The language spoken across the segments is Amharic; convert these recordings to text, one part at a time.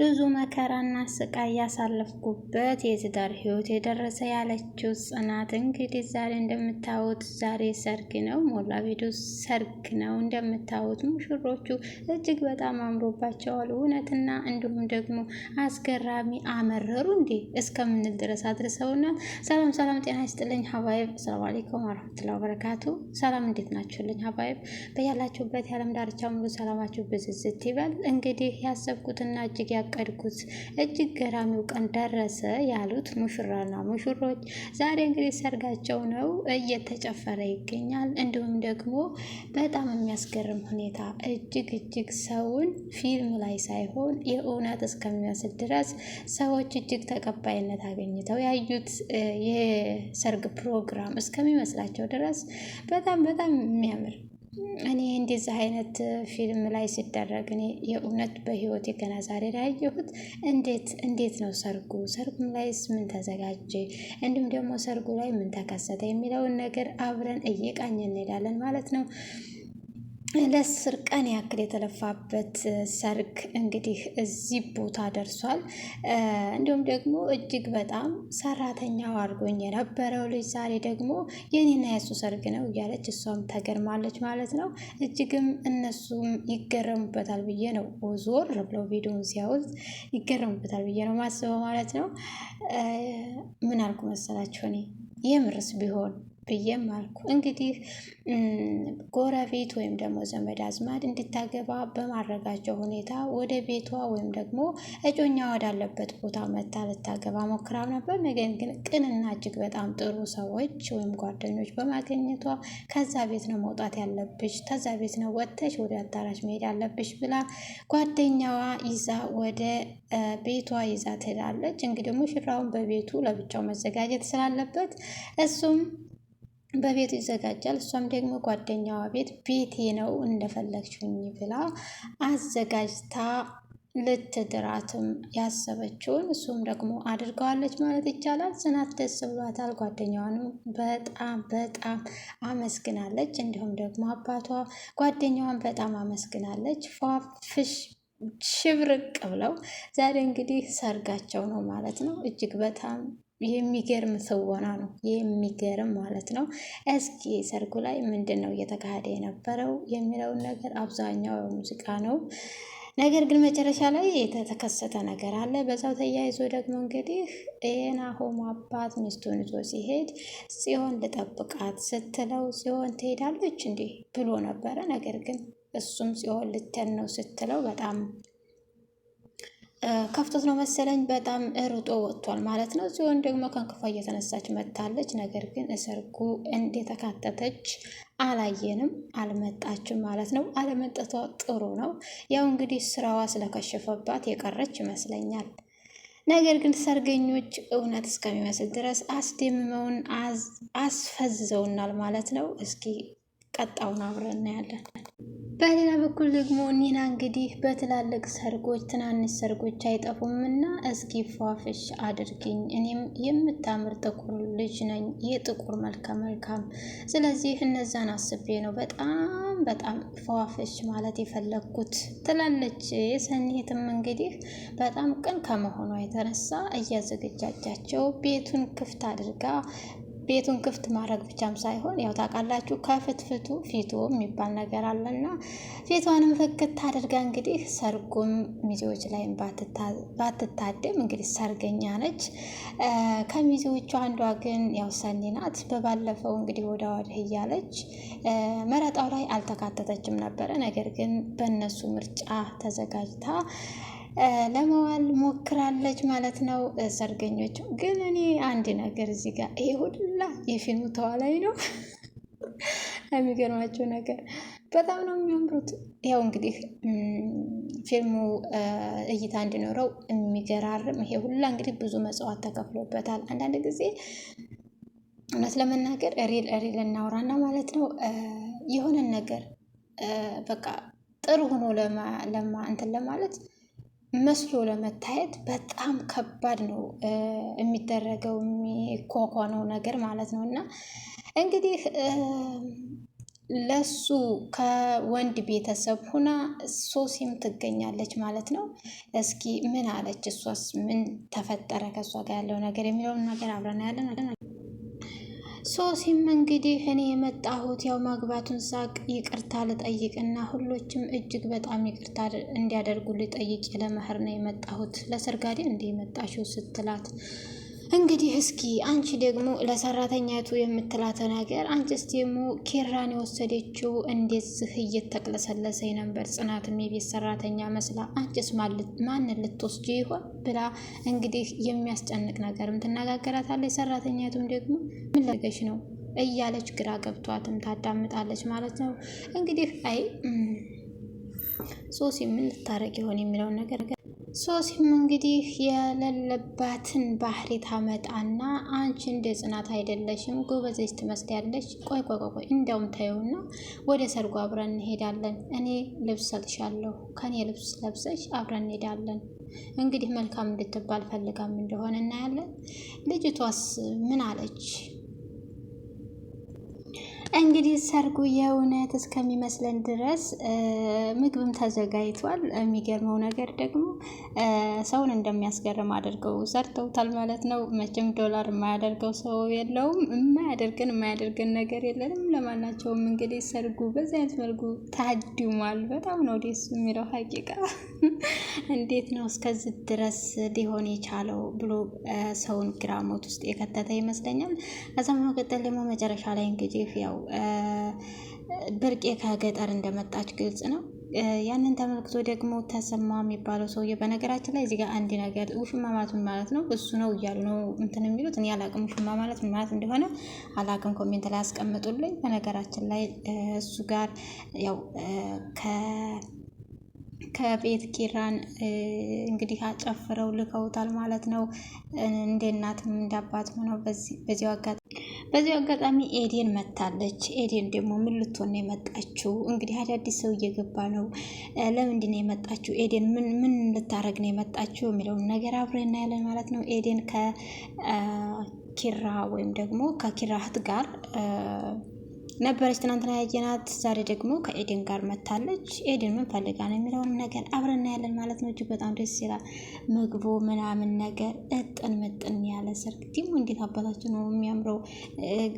ብዙ መከራና ስቃይ ያሳለፍኩበት የትዳር ህይወት የደረሰ ያለችው ጽናት እንግዲህ ዛሬ እንደምታዩት ዛሬ ሰርግ ነው፣ ሞላ ቤቱ ሰርግ ነው። እንደምታዩት ሙሽሮቹ እጅግ በጣም አምሮባቸዋል። እውነትና እንዲሁም ደግሞ አስገራሚ አመረሩ እንዴ እስከምንል ድረስ አድርሰውናል። ሰላም ሰላም፣ ጤና ይስጥልኝ ሀባይብ። አሰላሙ አለይኩም ወረህመቱላሂ ወበረካቱ። ሰላም እንዴት ናችሁልኝ ሀባይብ? በያላችሁበት የዓለም ዳርቻ ሙሉ ሰላማችሁ ብዝዝት ይበል። እንግዲህ ያሰብኩትና እጅግ ያቀድኩት እጅግ ገራሚው ቀን ደረሰ ያሉት ሙሽራና ሙሽሮች ዛሬ እንግዲህ ሰርጋቸው ነው እየተጨፈረ ይገኛል። እንዲሁም ደግሞ በጣም የሚያስገርም ሁኔታ እጅግ እጅግ ሰውን ፊልም ላይ ሳይሆን የእውነት እስከሚመስል ድረስ ሰዎች እጅግ ተቀባይነት አገኝተው ያዩት የሰርግ ፕሮግራም እስከሚመስላቸው ድረስ በጣም በጣም የሚያምር እኔ እንደዚህ አይነት ፊልም ላይ ሲደረግ እኔ የእውነት በህይወት ገና ዛሬ ላይ ያየሁት። እንዴት እንዴት ነው ሰርጉ? ሰርጉም ላይስ ምን ተዘጋጀ? እንዲሁም ደግሞ ሰርጉ ላይ ምን ተከሰተ የሚለውን ነገር አብረን እየቃኘ እንሄዳለን ማለት ነው። ለአስር ቀን ያክል የተለፋበት ሰርግ እንግዲህ እዚህ ቦታ ደርሷል። እንዲሁም ደግሞ እጅግ በጣም ሰራተኛው አድርጎኝ የነበረው ልጅ ዛሬ ደግሞ የኔና የሱ ሰርግ ነው እያለች እሷም ተገርማለች ማለት ነው። እጅግም እነሱም ይገረሙበታል ብዬ ነው ዞር ብለው ቪዲዮን ሲያውዝ ይገረሙበታል ብዬ ነው ማስበው ማለት ነው። ምን አልኩ መሰላችሁ እኔ የምርስ ቢሆን ብዬም አልኩ። እንግዲህ ጎረቤት ወይም ደግሞ ዘመድ አዝማድ እንድታገባ በማድረጋቸው ሁኔታ ወደ ቤቷ ወይም ደግሞ እጮኛ ወዳለበት ቦታ መታ ልታገባ ሞክራም ነበር። ነገር ግን ቅንና እጅግ በጣም ጥሩ ሰዎች ወይም ጓደኞች በማገኘቷ ከዛ ቤት ነው መውጣት ያለብሽ፣ ከዛ ቤት ነው ወጥተሽ ወደ አዳራሽ መሄድ ያለብሽ ብላ ጓደኛዋ ይዛ ወደ ቤቷ ይዛ ትሄዳለች። እንግዲህ ሙሽራውን በቤቱ ለብቻው መዘጋጀት ስላለበት እሱም በቤቱ ይዘጋጃል። እሷም ደግሞ ጓደኛዋ ቤት ቤቴ ነው እንደፈለግችኝ ብላ አዘጋጅታ ልትድራትም ያሰበችውን እሱም ደግሞ አድርገዋለች ማለት ይቻላል። ጽናት ደስ ብሏታል። ጓደኛዋንም በጣም በጣም አመስግናለች። እንዲሁም ደግሞ አባቷ ጓደኛዋን በጣም አመስግናለች። ፏፍሽ ሽብርቅ ብለው ዛሬ እንግዲህ ሰርጋቸው ነው ማለት ነው። እጅግ በጣም የሚገርም ትወና ነው የሚገርም ማለት ነው። እስኪ ሰርጉ ላይ ምንድን ነው እየተካሄደ የነበረው የሚለውን ነገር አብዛኛው ሙዚቃ ነው። ነገር ግን መጨረሻ ላይ የተከሰተ ነገር አለ። በዛው ተያይዞ ደግሞ እንግዲህ የናሆም አባት ሚስቱን ይዞ ሲሄድ ጽዮን ልጠብቃት ስትለው ጽዮን ትሄዳለች እንዲህ ብሎ ነበረ። ነገር ግን እሱም ጽዮን ልተን ነው ስትለው በጣም ከፍቶት ነው መሰለኝ በጣም እርጦ ወጥቷል ማለት ነው። ሲሆን ደግሞ ከእንቅልፏ እየተነሳች መጥታለች። ነገር ግን እሰርጉ እንደተካተተች አላየንም፣ አልመጣችም ማለት ነው። አለመጠቷ ጥሩ ነው። ያው እንግዲህ ስራዋ ስለከሸፈባት የቀረች ይመስለኛል። ነገር ግን ሰርገኞች እውነት እስከሚመስል ድረስ አስደምመውን አስፈዝዘውናል ማለት ነው። እስኪ ቀጣውን አብረን እናያለን። በሌላ በኩል ደግሞ ኒና እንግዲህ በትላልቅ ሰርጎች ትናንሽ ሰርጎች አይጠፉም እና እስኪ ፏፍሽ አድርግኝ እኔም የምታምር ጥቁር ልጅ ነኝ የጥቁር መልከ መልካም ስለዚህ እነዛን አስቤ ነው በጣም በጣም ፏፍሽ ማለት የፈለግኩት ትላለች የሰኒትም እንግዲህ በጣም ቅን ከመሆኗ የተነሳ እያዘገጃጃቸው ቤቱን ክፍት አድርጋ ቤቱን ክፍት ማድረግ ብቻም ሳይሆን ያው ታውቃላችሁ ከፍትፍቱ ፊቱ የሚባል ነገር አለና ፊቷንም ፍክት አድርጋ እንግዲህ ሰርጉም ሚዜዎች ላይ ባትታደም እንግዲህ ሰርገኛ ነች። ከሚዜዎቹ አንዷ ግን ያው ሰኒ ናት። በባለፈው እንግዲህ ወደ ወዲህ እያለች መረጣው ላይ አልተካተተችም ነበረ። ነገር ግን በእነሱ ምርጫ ተዘጋጅታ ለመዋል ሞክራለች ማለት ነው። ሰርገኞቹ ግን እኔ አንድ ነገር እዚህ ጋር ይሄ ሁላ የፊልሙ ተዋላይ ነው። የሚገርማቸው ነገር በጣም ነው የሚያምሩት። ያው እንግዲህ ፊልሙ እይታ እንዲኖረው የሚገራርም ይሄ ሁላ እንግዲህ ብዙ መጽዋት ተከፍሎበታል። አንዳንድ ጊዜ እውነት ለመናገር ሪል ሪል እናውራና ማለት ነው የሆነን ነገር በቃ ጥሩ ሆኖ ለማ እንትን ለማለት መስሎ ለመታየት በጣም ከባድ ነው የሚደረገው የሚኳኳነው ነገር ማለት ነው። እና እንግዲህ ለሱ ከወንድ ቤተሰብ ሁና ሶሲም ትገኛለች ማለት ነው። እስኪ ምን አለች? እሷስ ምን ተፈጠረ? ከእሷ ጋር ያለው ነገር የሚለውን ነገር አብረና ያለን ሶሲም እንግዲህ እኔ የመጣሁት ያው ማግባቱን ሳቅ ይቅርታ ልጠይቅና ሁሎችም እጅግ በጣም ይቅርታ እንዲያደርጉ ልጠይቅ ለመህር ነው የመጣሁት። ለሰርጋዴ አይደል እንዲህ የመጣሽው ስትላት እንግዲህ እስኪ አንቺ ደግሞ ለሰራተኛቱ የምትላት ነገር አንቺ እስቲ ደግሞ ኬራን የወሰደችው እንደዚህ እየተቅለሰለሰ ነበር ጽናትም የቤት ሰራተኛ መስላ አንቺስ ማንን ልትወስጂ ይሆን ብላ እንግዲህ የሚያስጨንቅ ነገርም ትነጋገራታለች። ሰራተኛቱም ደግሞ ምን ነው እያለች ግራ ገብቷትም ታዳምጣለች ማለት ነው። እንግዲህ አይ ሶሲ ምን ልታረቅ ይሆን የሚለውን ነገር ሶሲም እንግዲህ የሌለባትን ባህሪ ታመጣና አንቺ እንደ ጽናት አይደለሽም ጎበዘች ትመስያለሽ። ቆይ ቆይ ቆይ እንደውም ታየውና ወደ ሰርጉ አብረን እንሄዳለን። እኔ ልብስ ሰጥሻለሁ፣ ከኔ ልብስ ለብሰሽ አብረን እንሄዳለን። እንግዲህ መልካም እንድትባል ፈልጋም እንደሆነ እናያለን። ልጅቷስ ምን አለች? እንግዲህ ሰርጉ የእውነት እስከሚመስለን ድረስ ምግብም ተዘጋጅቷል። የሚገርመው ነገር ደግሞ ሰውን እንደሚያስገርም አድርገው ሰርተውታል ማለት ነው። መቼም ዶላር የማያደርገው ሰው የለውም። የማያደርገን የማያደርገን ነገር የለንም። ለማናቸውም እንግዲህ ሰርጉ በዚህ አይነት መልኩ ታድሟል። በጣም ነው ደስ የሚለው ሀቂቃ። እንዴት ነው እስከዚህ ድረስ ሊሆን የቻለው ብሎ ሰውን ግራሞት ውስጥ የከተተ ይመስለኛል። ከዛ መቀጠል ደግሞ መጨረሻ ላይ እንግዲህ ያው ብርቄ ከገጠር እንደመጣች ግልጽ ነው። ያንን ተመልክቶ ደግሞ ተሰማ የሚባለው ሰውዬ በነገራችን ላይ እዚጋ አንድ ነገር ውሽማ ማለት ምን ማለት ነው እሱ ነው እያሉ ነው እንትን የሚሉት እኔ አላቅም። ውሽማ ማለት ምን ማለት እንደሆነ አላቅም። ኮሜንት ላይ ያስቀምጡልኝ። በነገራችን ላይ እሱ ጋር ያው ከ ከቤት ኪራን እንግዲህ አጨፍረው ልከውታል ማለት ነው። እንደ እናትም እንዳባት ሆነው በዚያው አጋጣሚ በዚሁ አጋጣሚ ኤዴን መታለች። ኤዴን ደግሞ ምን ልትሆን የመጣችው? እንግዲህ አዳዲስ ሰው እየገባ ነው። ለምንድን ነው የመጣችው? ኤዴን ምን ምን ልታረግ ነው የመጣችው የሚለውን ነገር አብረ እናያለን ማለት ነው። ኤዴን ከኪራ ወይም ደግሞ ከኪራ እህት ጋር ነበረች ትናንትና ያየናት። ዛሬ ደግሞ ከኤደን ጋር መታለች። ኤደን ምን ፈልጋ ነው የሚለውን ነገር አብረን እናያለን ማለት ነው። እጅግ በጣም ደስ ይላል። ምግቡ ምናምን ነገር እጥን ምጥን ያለ ሰርግ ዲሞ እንዴት አባታችን ነው የሚያምረው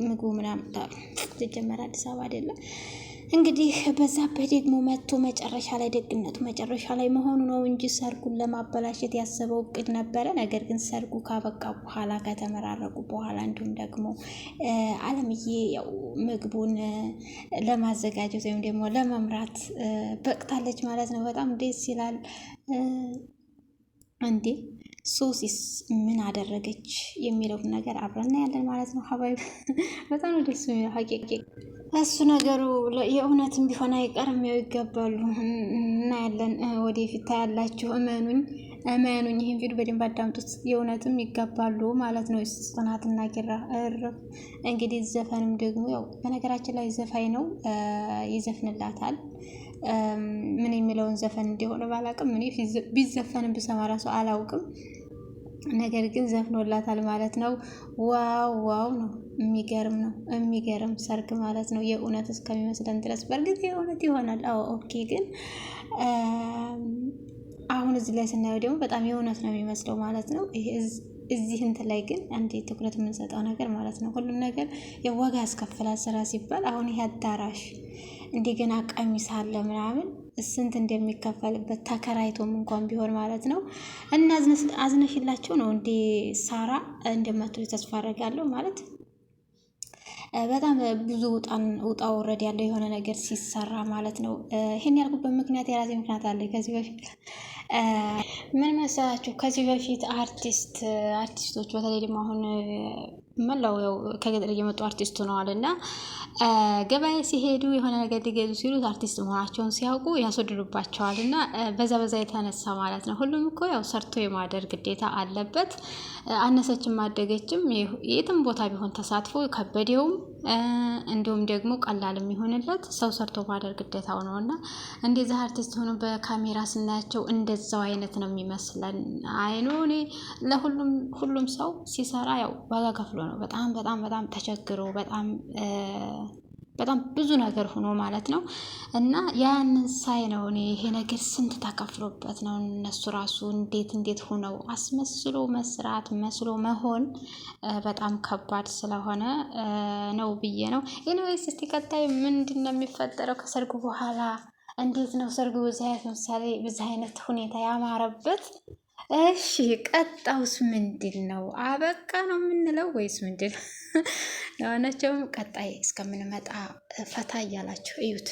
ምግቡ ምናምን ሲጀመር አዲስ አበባ አይደለም እንግዲህ በዛብህ ደግሞ መጥቶ መጨረሻ ላይ ደግነቱ መጨረሻ ላይ መሆኑ ነው እንጂ ሰርጉን ለማበላሸት ያሰበው እቅድ ነበረ። ነገር ግን ሰርጉ ካበቃ በኋላ ከተመራረቁ በኋላ እንዲሁም ደግሞ አለምዬ ያው ምግቡን ለማዘጋጀት ወይም ደግሞ ለመምራት በቅታለች ማለት ነው። በጣም ደስ ይላል እንዴ! ሶሲስ ምን አደረገች የሚለው ነገር አብረና ያለን ማለት ነው። ሀባይ በጣም ነው ደስ የሚለው ሀቂቄ እሱ ነገሩ የእውነትም ቢሆን አይቀርም ያው ይገባሉ እና ያለን ወደፊት ታያላችሁ። እመኑኝ እመኑኝ፣ ይህን ቪዲዮ በደንብ አዳምጡት። የእውነትም ይገባሉ ማለት ነው ጽናትና ኪራ። እርፍ እንግዲህ ዘፈንም ደግሞ ያው በነገራችን ላይ ዘፋኝ ነው ይዘፍንላታል ምን የሚለውን ዘፈን እንዲሆነ ባላውቅም እኔ ቢዘፈን ብሰማ ራሱ አላውቅም። ነገር ግን ዘፍኖላታል ማለት ነው። ዋው ዋው ነው የሚገርም ነው የሚገርም ሰርግ ማለት ነው። የእውነት እስከሚመስለን ድረስ በእርግጥ የእውነት ይሆናል። አዎ ኦኬ። ግን አሁን እዚህ ላይ ስናየው ደግሞ በጣም የእውነት ነው የሚመስለው ማለት ነው። እዚህ እንትን ላይ ግን አንድ ትኩረት የምንሰጠው ነገር ማለት ነው ሁሉም ነገር የዋጋ ያስከፍላል ስራ ሲባል አሁን ይሄ አዳራሽ እንደገና ቀሚስ አለ ምናምን ስንት እንደሚከፈልበት ተከራይቶም እንኳን ቢሆን ማለት ነው። እና አዝነሽላቸው ነው እንዴ ሳራ እንደማትሉ ተስፋ አደርጋለሁ ማለት በጣም ብዙ ውጣን ውጣ ውረድ ያለው የሆነ ነገር ሲሰራ ማለት ነው። ይህን ያልኩበት ምክንያት የራሴ ምክንያት አለ። ከዚህ በፊት ምን መሰላችሁ? ከዚህ በፊት አርቲስት አርቲስቶች በተለይ ደግሞ አሁን መላው ያው ከገጠር እየመጡ አርቲስት ሆነዋል እና ገበያ ሲሄዱ የሆነ ነገር ሊገዙ ሲሉት አርቲስት መሆናቸውን ሲያውቁ ያስወድዱባቸዋል እና በዛ በዛ የተነሳ ማለት ነው። ሁሉም እኮ ያው ሰርቶ የማደር ግዴታ አለበት። አነሰችም አደገችም የትም ቦታ ቢሆን ተሳትፎ ከበደውም እንዲሁም ደግሞ ቀላል የሚሆንለት ሰው ሰርቶ ማደር ግዴታው ነው እና እንደዚህ አርቲስት ሆኖ በካሜራ ስናያቸው እንደዛው አይነት ነው የሚመስለን። አይኑ እኔ ለሁሉም ሁሉም ሰው ሲሰራ ያው ዋጋ ከፍሎ ነው በጣም በጣም በጣም ተቸግሮ በጣም በጣም ብዙ ነገር ሆኖ ማለት ነው። እና ያንን ሳይ ነው እኔ ይሄ ነገር ስንት ተከፍሎበት ነው እነሱ ራሱ እንዴት እንዴት ሆነው አስመስሎ መስራት መስሎ መሆን በጣም ከባድ ስለሆነ ነው ብዬ ነው። ኤኒዌይስ እስቲ ቀጣይ ምንድን ነው የሚፈጠረው ከሰርጉ በኋላ? እንዴት ነው ሰርጉ? ብዛት ምሳሌ ብዙ አይነት ሁኔታ ያማረበት እሺ ቀጣውስ ምንድን ነው? አበቃ ነው የምንለው ወይስ ምንድን ነው? ለሆነቸውም ቀጣይ እስከምንመጣ ፈታ እያላችሁ እዩት።